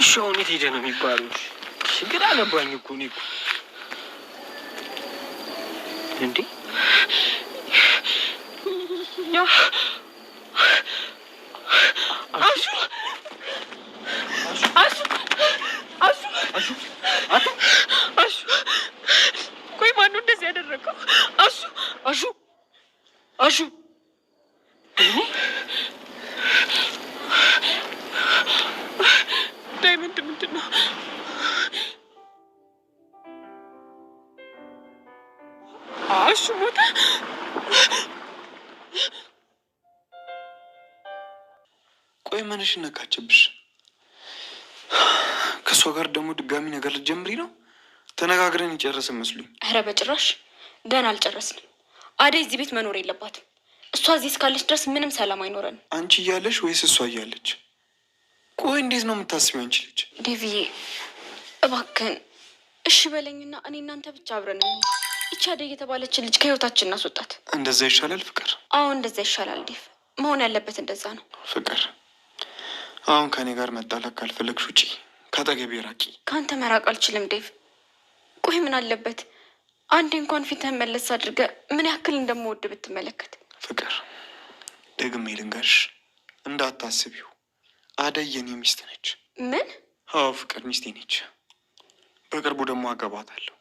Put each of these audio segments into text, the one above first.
እሺ፣ አሁን የት ሄደህ ነው የሚባለው? ግራ ገባኝ እኮ እኔ እኮ እንዴ ቆይ ማነው እንደዚህ ያደረገው? አሹ አሹ አሹ ፍርድ ምንድን ነው? እሺ ሞተ። ቆይ መነሽ ነካችብሽ። ከእሷ ጋር ደግሞ ድጋሚ ነገር ልትጀምሪ ነው? ተነጋግረን ይጨረስን መስሉኝ። ኧረ በጭራሽ ገና አልጨረስንም። አደይ እዚህ ቤት መኖር የለባትም። እሷ እዚህ እስካለች ድረስ ምንም ሰላም አይኖረን አንቺ እያለሽ ወይስ እሷ እያለች? ቆይ እንዴት ነው የምታስቢው? አንቺ ልጅ ዴቪዬ፣ እሺ በለኝና እኔ እናንተ ብቻ አብረን ይቺ አደይ የተባለችን ልጅ ከህይወታችን እናስወጣት። እንደዛ ይሻላል ፍቅር? አዎ እንደዛ ይሻላል ዴቭ፣ መሆን ያለበት እንደዛ ነው። ፍቅር አሁን ከእኔ ጋር መጣላት ካልፈለግሽ ውጪ፣ ከአጠገቤ ራቂ። ከአንተ መራቅ አልችልም ዴቭ። ቆይ ምን አለበት አንዴ እንኳን ፊትህን መለስ አድርገ ምን ያክል እንደምወድ ብትመለከት። ፍቅር ደግሜ ልንገርሽ እንዳታስቢው አደይ የኔ ሚስት ነች። ምን? አዎ ፍቅር ሚስቴ ነች። በቅርቡ ደግሞ አገባታለሁ።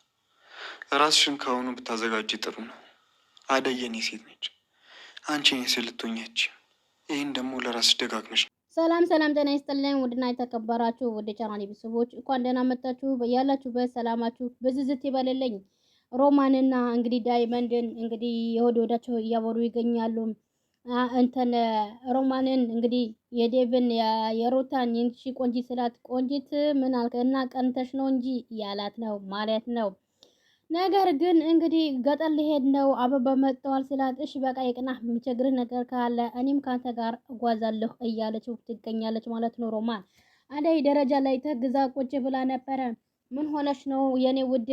ራስሽን ከአሁኑ ብታዘጋጅ ጥሩ ነው። አደይ የኔ ሴት ነች። አንቺ ኔ ስልቶኛች። ይህን ደግሞ ለራስሽ ደጋግመሽ ሰላም ሰላም፣ ጤና ይስጥልን ውድና የተከበራችሁ ውድ ቻናል ቤተሰቦች እንኳን ደህና መጣችሁ። ያላችሁበት ሰላማችሁ ብዝዝት ይበልልኝ። ሮማንና እንግዲህ ዳይመንድን እንግዲህ የሆድ ወዳቸው እያበሩ ይገኛሉ። እንትን ሮማንን እንግዲህ የዴቭን የሩታን ይንቺ ቆንጂ ስላት ቆንጂት ምን አልከ እና ቀንተሽ ነው እንጂ ያላት ነው ማለት ነው። ነገር ግን እንግዲህ ገጠር ሊሄድ ነው አበባ መጥተዋል ስላት እሺ በቃ የቅናህ የሚቸግርህ ነገር ካለ እኔም ካንተ ጋር እጓዛለሁ እያለች ትገኛለች ማለት ነው። ሮማን አደይ ደረጃ ላይ ተግዛ ቁጭ ብላ ነበረ። ምን ሆነሽ ነው የኔ ውድ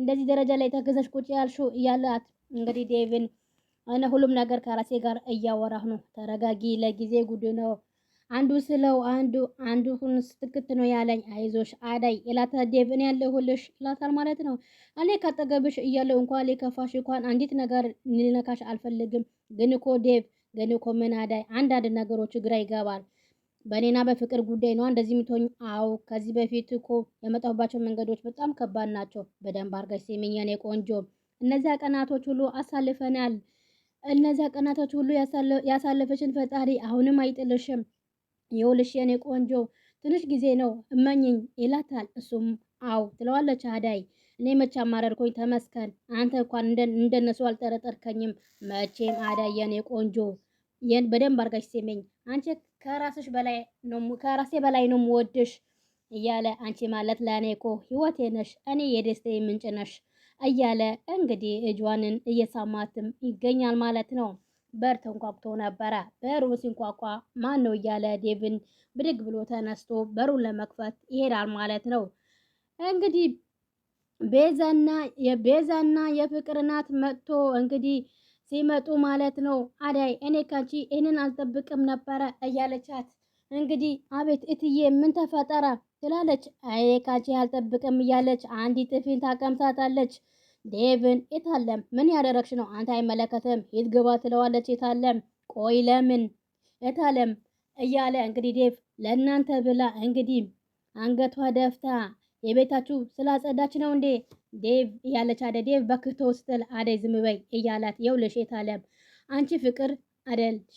እንደዚህ ደረጃ ላይ ተግዘሽ ቁጭ ያልሽው? እያላት እንግዲህ ዴቭን እኔ ሁሉም ነገር ከራሴ ጋር እያወራሁ ነው። ተረጋጊ፣ ለጊዜ ጉድ ነው አንዱ ስለው አንዱ አንዱ ሁን ስትክት ነው ያለኝ። አይዞሽ አዳይ ይላታል። ዴቭ እኔ ያለሁልሽ ይላታል ማለት ነው። እኔ ካጠገብሽ እያለሁ እንኳን ሊከፋሽ እንኳን አንዲት ነገር ሊነካሽ አልፈልግም። ግን እኮ ዴቭ፣ ግን እኮ ምን አዳይ፣ አንዳንድ ነገሮች ግራ ይገባል። በእኔና በፍቅር ጉዳይ ነው እንደዚህ የምትሆኝ? አዎ ከዚህ በፊት እኮ የመጣሁባቸው መንገዶች በጣም ከባድ ናቸው። በደንብ አድርገሽ ስሚኝ የኔ ቆንጆ፣ እነዚያ ቀናቶች ሁሉ አሳልፈናል። እነዚያ ቀናቶች ሁሉ ያሳለፈችን ፈጣሪ አሁንም አይጥልሽም። የውልሽ የኔ ቆንጆ ትንሽ ጊዜ ነው እመኝኝ ይላታል። እሱም አው ትለዋለች አዳይ። እኔ መቼ አማረርኩኝ? ተመስከን አንተ እንኳን እንደነሱ አልጠረጠርከኝም። መቼም አዳይ የኔ ቆንጆ ይህን በደንብ አርጋሽ ሲመኝ አንቺ ከራስሽ በላይ ነው ከራሴ በላይ ነው የምወድሽ እያለ አንቺ ማለት ለእኔ እኮ ህይወቴ ነሽ። እኔ የደስታዬ ምንጭ ነሽ። እያለ እንግዲህ እጇንን እየሳማትም ይገኛል ማለት ነው። በር ተንኳኩቶ ነበረ። በሩ ሲንኳኳ ማን ነው እያለ ዴቭን ብድግ ብሎ ተነስቶ በሩን ለመክፈት ይሄዳል ማለት ነው። እንግዲህ ቤዛና የቤዛና የፍቅር እናት መጥቶ እንግዲህ ሲመጡ ማለት ነው። አዳይ እኔ ካንቺ ይህንን አልጠብቅም ነበረ እያለቻት እንግዲህ አቤት እትዬ ምን ተፈጠረ? ትላለች። አይ ካንቺ አልጠብቅም እያለች አንዲ ጥፊን ታቀምሳታለች። ዴቭን የታለም ምን ያደረግሽ ነው? አንተ አይመለከትም ሂድ ግባ ትለዋለች። የታለም ቆይ ለምን የታለም እያለ እንግዲህ ዴቭ ለእናንተ ብላ እንግዲህ አንገቷ ደፍታ የቤታችሁ ስላጸዳች ነው እንዴ ዴቭ እያለች አደ ዴቭ በክቶ ስትል አደይ ዝም በይ እያላት የውልሽ የታለም አንቺ ፍቅር አደልሽ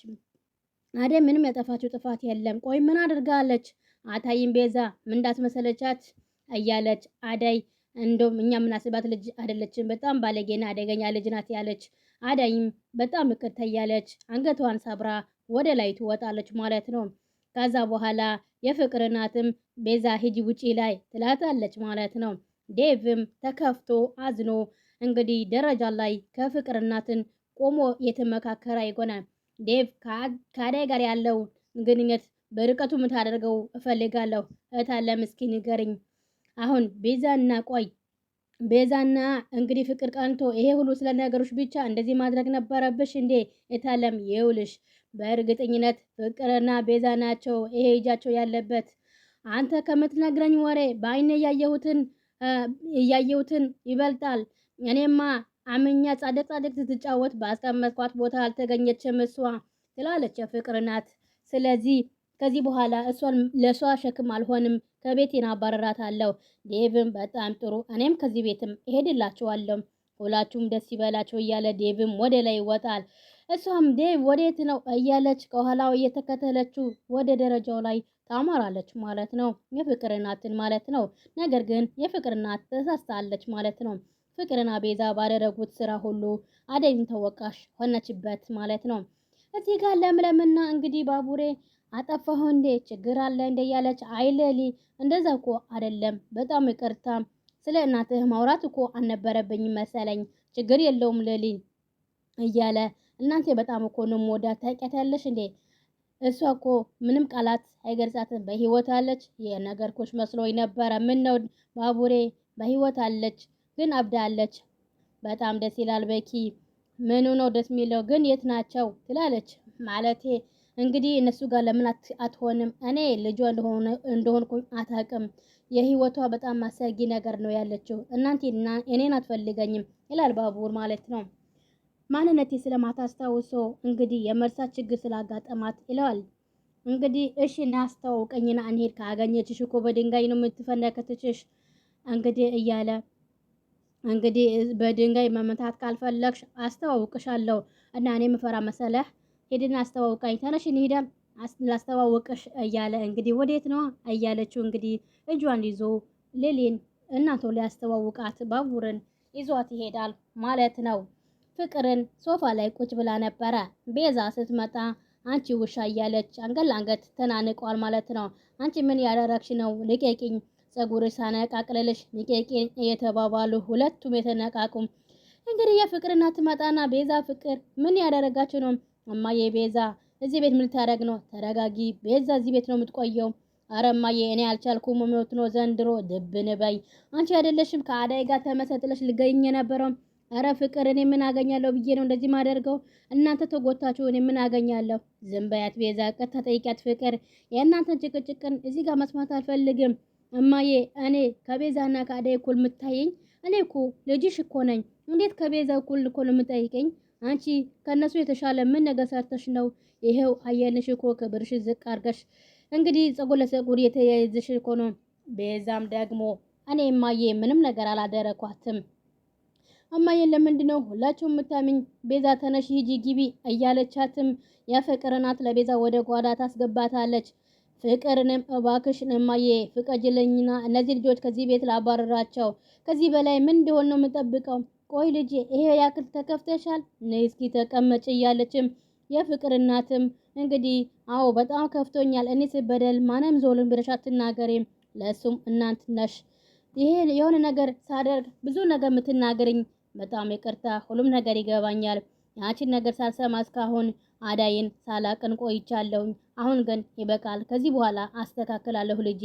አደይ ምንም ያጠፋችው ጥፋት የለም ቆይ ምን አድርጋለች አታይም ቤዛ ምንዳት መሰለቻት እያለች አዳይ እንደውም እኛ የምናስባት ልጅ አይደለችም፣ በጣም ባለጌና አደገኛ ልጅ ናት ያለች አዳይም በጣም ይቅርታ እያለች አንገቷን ሰብራ ወደ ላይ ትወጣለች ማለት ነው። ከዛ በኋላ የፍቅር እናትም ቤዛ ሂጂ ውጪ ላይ ትላታለች ማለት ነው። ዴቭም ተከፍቶ አዝኖ እንግዲህ ደረጃ ላይ ከፍቅር እናትን ቆሞ የተመካከረ ይሆናል። ዴቭ ከአዳይ ጋር ያለው ግንኙነት በርቀቱ የምታደርገው እፈልጋለሁ። እታለ እስኪ ንገርኝ። አሁን ቤዛና ቆይ ቤዛና እንግዲህ ፍቅር ቀንቶ ይሄ ሁሉ ስለ ነገሮች ብቻ እንደዚህ ማድረግ ነበረብሽ እንዴ? እታለም ይውልሽ፣ በእርግጠኝነት ፍቅርና ቤዛ ናቸው ይሄ እጃቸው ያለበት። አንተ ከምትነግረኝ ወሬ በአይነ እያየሁትን ይበልጣል። እኔማ አምኛ ጻድቅ ጻድቅ ስትጫወት ባስቀመጥኳት ቦታ አልተገኘችም እሷ ትላለች የፍቅር ናት። ስለዚህ ከዚህ በኋላ እሷን ለሷ ሸክም አልሆንም፣ ከቤት አባረራታለሁ። ዴቭም በጣም ጥሩ፣ እኔም ከዚህ ቤትም እሄድላችኋለሁ፣ ሁላችሁም ደስ ይበላቸው እያለ ዴቭም ወደ ላይ ይወጣል። እሷም ዴቭ ወዴት ነው እያለች ከኋላው እየተከተለችው ወደ ደረጃው ላይ ታማራለች ማለት ነው። የፍቅር እናትን ማለት ነው። ነገር ግን የፍቅር እናት ተሳስታለች ማለት ነው። ፍቅርና ቤዛ ባደረጉት ስራ ሁሉ አደይን ተወቃሽ ሆነችበት ማለት ነው። እዚህ ጋር ለምለምና እንግዲህ ባቡሬ አጠፋሁ እንዴ ችግር አለ እንዴ? ያለች አይለሊ እንደዛ እኮ አይደለም። በጣም ይቅርታ ስለ እናትህ ማውራት እኮ አልነበረብኝም መሰለኝ። ችግር የለውም ለሊ እያለ እናንተ በጣም እኮ ነው የምወዳት ታውቂያታለሽ እንዴ? እሷ እኮ ምንም ቃላት አይገልጻትም። በህይወት አለች የነገርኩሽ መስሎኝ ነበረ። ምን ነው ባቡሬ በህይወት አለች ግን አብዳለች። በጣም ደስ ይላል። በኪ ምኑ ነው ደስ የሚለው ግን የት ናቸው ትላለች ማለቴ እንግዲህ እነሱ ጋር ለምን አትሆንም? እኔ ልጇ እንደሆንኩኝ አታውቅም። የህይወቷ በጣም አሰጊ ነገር ነው ያለችው። እናንተ እኔን አትፈልገኝም ይላል ባቡር ማለት ነው። ማንነቴ ስለማታስታውሶ እንግዲህ የመርሳት ችግር ስላጋጠማት ይለዋል። እንግዲህ እሺ እናስተዋውቀኝና እንሄድ፣ ካገኘችሽ እኮ በድንጋይ ነው የምትፈነከትችሽ እንግዲህ እያለ እንግዲህ በድንጋይ መመታት ካልፈለግሽ አስተዋውቅሻለሁ እና እኔ ምፈራ መሰለህ ሄድና አስተዋውቃኝ ተነሽ እንሂዳም ላስተዋወቀሽ እያለ እንግዲህ ወዴት ነው እያለችው እንግዲህ እጇን ይዞ ሌሊን እናቶ ሊያስተዋውቃት ባቡርን ይዟት ይሄዳል ማለት ነው። ፍቅርን ሶፋ ላይ ቁጭ ብላ ነበረ። ቤዛ ስትመጣ አንቺ ውሻ እያለች አንገት ለአንገት ተናንቋል ማለት ነው። አንቺ ምን ያደረግሽ ነው? ፀጉር ጸጉርሽ ሳነቃቅልልሽ ልቀቂኝ እየተባባሉ ሁለቱም የተነቃቁም እንግዲህ የፍቅርና ትመጣና ቤዛ ፍቅር ምን ያደረጋችሁ ነው እማዬ ቤዛ እዚህ ቤት ምን ልታደርግ ነው? ተረጋጊ ቤዛ፣ እዚህ ቤት ነው የምትቆየው። አረ እማዬ እኔ አልቻልኩም። ሞት ነው ዘንድሮ ድብን በይ። አንቺ አይደለሽም ከአዳይ ጋር ተመሰጥለሽ ልገኝ የነበረው። አረ ፍቅር፣ እኔ ምን አገኛለሁ ብዬ ነው እንደዚህ ማደርገው። እናንተ ተጎታችሁ፣ እኔ ምን አገኛለሁ? ዝም በያት ቤዛ፣ ቀጥታ ጠይቂያት ፍቅር። የእናንተን ጭቅጭቅን እዚህ ጋር መስማት አልፈልግም። እማዬ እኔ ከቤዛና ከአዳይ እኩል የምታየኝ እኔ እኮ ልጅሽ እኮ ነኝ። እንዴት ከቤዛ እኩል እኮ ነው የምጠይቀኝ? አንቺ ከነሱ የተሻለ ምን ነገር ሰርተሽ ነው? ይሄው አየንሽ እኮ ክብርሽ ዝቅ አርገሽ እንግዲህ ጸጉር ለጸጉር የተያይዝሽ እኮ ነው። ቤዛም ደግሞ እኔ እማዬ ምንም ነገር አላደረኳትም። እማዬን ለምንድነው ነው ሁላችሁም የምታምኝ? ቤዛ ተነሽ ሂጂ ግቢ እያለቻትም የፍቅር ለቤዛ ወደ ጓዳ ታስገባታለች። ፍቅርንም እባክሽ እማዬ ፍቀጅልኝና እነዚህ ልጆች ከዚህ ቤት ላባረራቸው። ከዚህ በላይ ምን እንደሆነ ነው የምጠብቀው ቆይ ልጄ ይሄ ያክል ተከፍተሻል? ነይ እስኪ ተቀመጭ እያለችም የፍቅር እናትም እንግዲህ አዎ በጣም ከፍቶኛል፣ እኔ ስበደል ማንም ዞልን ብለሽ አትናገሪም፣ ለእሱም እናንት ነሽ። ይሄ የሆነ ነገር ሳደርግ ብዙ ነገር የምትናገርኝ፣ በጣም ይቅርታ፣ ሁሉም ነገር ይገባኛል። ያቺን ነገር ሳልሰማ እስካሁን አዳይን ሳላቅን ቆይቻለሁኝ። አሁን ግን ይበቃል፣ ከዚህ በኋላ አስተካክላለሁ ልጄ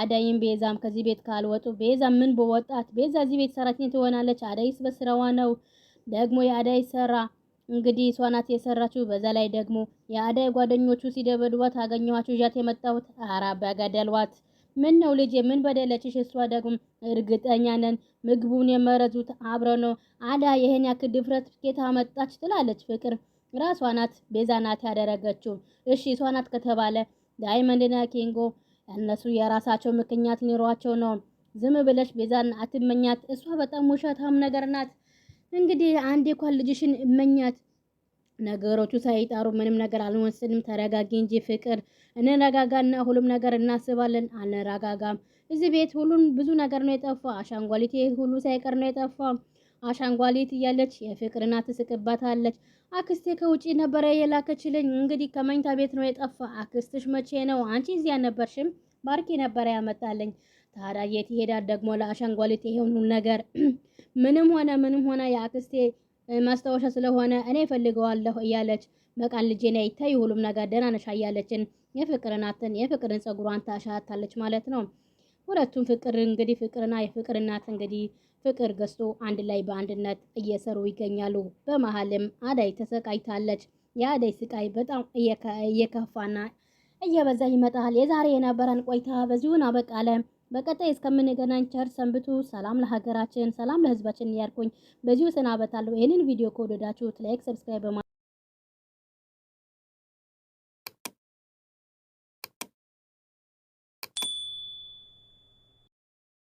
አዳይም ቤዛም ከዚህ ቤት ካልወጡ ቤዛ ምን በወጣት ቤዛ እዚህ ቤት ሰራተኛ ትሆናለች። አዳይስ በስራዋ ነው ደግሞ የአዳይ ሰራ እንግዲህ እሷ ናት የሰራችው። በዛ ላይ ደግሞ የአዳይ ጓደኞቹ ሲደበድቧት አገኘኋችሁ ይዣት የመጣሁት አራ በገደሏት። ምን ነው ልጅ ምን በደለችሽ? እሷ ደግሞ እርግጠኛ ነን ምግቡን የመረዙት አብረ ነው። አዳ ይሄን ያክል ድፍረት ኬታ መጣች ትላለች። ፍቅር ራሷ ናት ቤዛ ናት ያደረገችው። እሺ እሷ ናት ከተባለ ዳይመንድና ኪንጎ እነሱ የራሳቸው ምክንያት ሊኖሯቸው ነው። ዝም ብለሽ ቤዛን አትመኛት። እሷ በጣም ውሸታም ነገር ናት። እንግዲህ አንዴ እንኳን ልጅሽን እመኛት። ነገሮቹ ሳይጣሩ ምንም ነገር አልወስንም። ተረጋጊ እንጂ ፍቅር። እንረጋጋና ሁሉም ነገር እናስባለን። አልነረጋጋም። እዚህ ቤት ሁሉን ብዙ ነገር ነው የጠፋ። አሻንጓሊቴ ሁሉ ሳይቀር ነው የጠፋ። አሻንጓሊት እያለች የፍቅር እናት ትስቅባታለች። አክስቴ ከውጪ ነበረ የላከችልኝ። እንግዲህ ከመኝታ ቤት ነው የጠፋ። አክስትሽ መቼ ነው? አንቺ እዚህ አልነበርሽም። ባርኪ ነበረ ያመጣልኝ። ታዲያ የት ይሄዳል ደግሞ? ለአሻንጓሊት የሆኑ ነገር ምንም ሆነ ምንም ሆነ የአክስቴ ማስታወሻ ስለሆነ እኔ እፈልገዋለሁ እያለች በቃን ልጄ ነይ ተይ፣ ሁሉም ነገር ደህና ነሽ እያለችን የፍቅርን ጸጉሯን ታሻታለች ማለት ነው። ሁለቱም ፍቅር እንግዲህ ፍቅርና የፍቅርናት እንግዲህ ፍቅር ገዝቶ አንድ ላይ በአንድነት እየሰሩ ይገኛሉ። በመሀልም አዳይ ተሰቃይታለች። የአዳይ ስቃይ በጣም እየከፋና እየበዛ ይመጣል። የዛሬ የነበረን ቆይታ በዚሁን አበቃለን። በቀጣይ እስከምንገናኝ ቸር ሰንብቱ። ሰላም ለሀገራችን፣ ሰላም ለሕዝባችን እያልኩኝ በዚሁ ሰናበታለሁ። ይህንን ቪዲዮ ከወደዳችሁት ላይክ፣ ሰብስክራይብ በማ